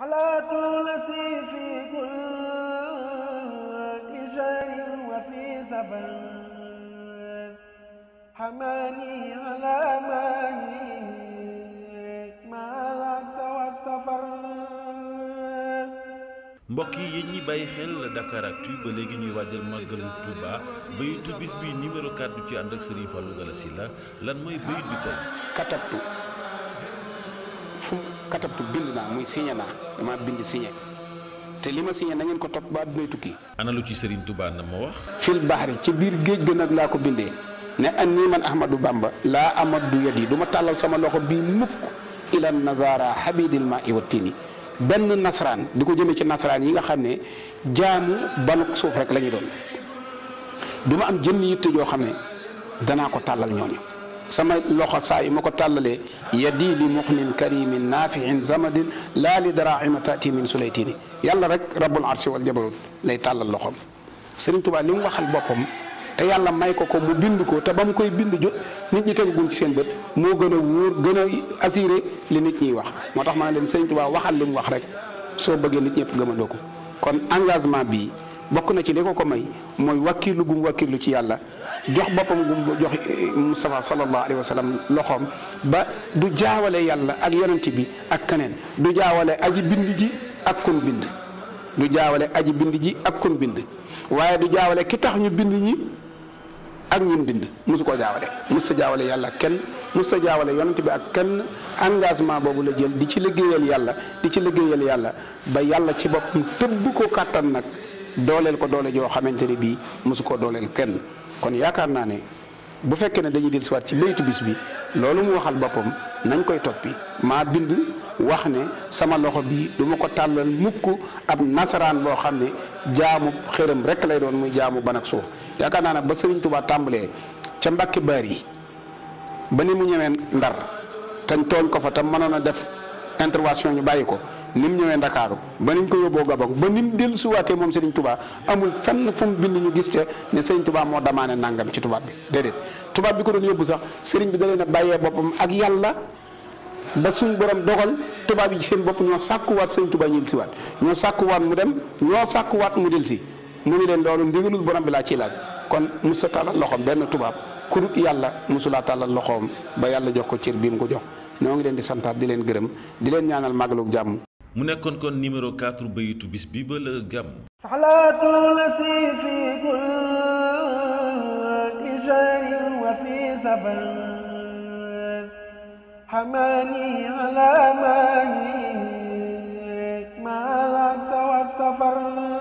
صلاة النسي في كل شهر وفي سفر حماني على ماني مع العكس والسفر mbokk yi yéen ñi bàyyi xel Dakaractu ba léegi ñuy waajal màggalu Touba bayitu bis bi numéro 4 du ci ànd ak Serigne Fallou Galassila lan mooy bayit bi tey katabtu fu katabtu bind naa muy signé naa damaa bind signé te li ma signé na ngeen ko topp ba addunay tukki. ana lu ci Serigne Touba na ma wax. fil baxri ci biir géej gi nag laa ko bindee ne an nii man Ahmadou Bamba laa amadu yat yi du ma tàllal sama loxo bii mukk ilan nazara habidil ma tiini benn nasaraan di ko jëmee ci nasaraan yi nga xam ne jaamu banuk suuf rek la ñu doon du am jën yitte joo xam ne danaa ko tàllal ñooñu. sama loxo saa yu ma ko tàllalee yadi li muxnin karimin sama zamadin laa li daraima tati min sulaytini yàlla rek rabbul arsi wal jabarut lay tàllal loxom Sëriñ Tuubaa li mu waxal boppam te yàlla may ko ko mu bind ko te ba mu koy bind jot nit ñi tegaguñ ci seen bët moo gën a wóor gën a assuré li nit ñiy wax moo tax ma ne leen Sëriñ Tuubaa waxal li mu wax rek soo bëggee nit ñëpp gëmandoo ko kon engagement bi bokk na ci li ko ko may mooy wakkilu gum wakkilu ci yàlla jox boppam gum jox eh, Mustafa sallallahu alayhi wa sallam loxoom ba du jaawale yàlla ak yonent bi ak keneen du jaawale aji bind ji ak kon bind du jaawale aji bind ji ak kon waaye du jaawale ki tax ñu bind ñi ak ñun bind mosu koo jaawale mosu jaawale yàlla ak kenn mosu jaawale yonent bi ak kenn engagement boobu la jël di ci liggéeyal yàlla di ci liggéeyal yàlla ba yàlla ci boppam tëbb ko kàttan nag dooleel ko doole joo xamante ne bii mosu koo dooleel kenn kon yaakaar naa ne bu fekkee ne dañuy siwaat ci béytu bis bi loolu mu waxal boppam nañ koy toppi maa bind wax ne sama loxo bi du ma ko tàllal mukk ab nasaraan boo xam ne jaamu xërëm rek lay doon muy jaamu ban suuf yaakaar naa ne ba Sëriñ Tuubaa tàmbalee ca Mbàkke Baari ba ni mu ñëwee Ndar tañ tooñ ko fa tam mënoon a def intervention ñu bàyyi ko ni mu ñëwee ndakaaru ba ni ñu ko yóbboo Gabon ba ni mu dellu suwaatee moom Serigne Touba amul fenn fu mu bind ñu gis te ne Serigne Touba moo damaane nangam ci tubaab bi déedéet. tubaab bi ko doon yóbbu sax Serigne bi da leen a bàyyee boppam ak yàlla ba suñ borom dogal tubaab yi ci seen bopp ñoo sàkkuwaat Serigne Touba ñu siwaat ñoo sàkkuwaat mu dem ñoo sàkkuwaat mu del si mu ngi leen loolu ndigalul borom bi laa ciy laaj kon musa tàllal loxoom benn tubaab ku yàlla musulaa tàllal loxoom ba yàlla jox ko cër bi mu ko jox ñoo ngi leen di santaat di leen gërëm di leen ñaanal màggalug jàmm mu nekkoon kon numéro 4 bayitu bis bi ba la gam salaatul si fi kulli shay'in wa fi safar hamani ala mani ma al-absa safar